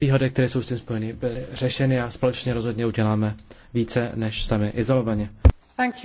výhody, které jsou s tím spojeny, byly řešeny a společně rozhodně uděláme více než sami izolovaně. Thank you.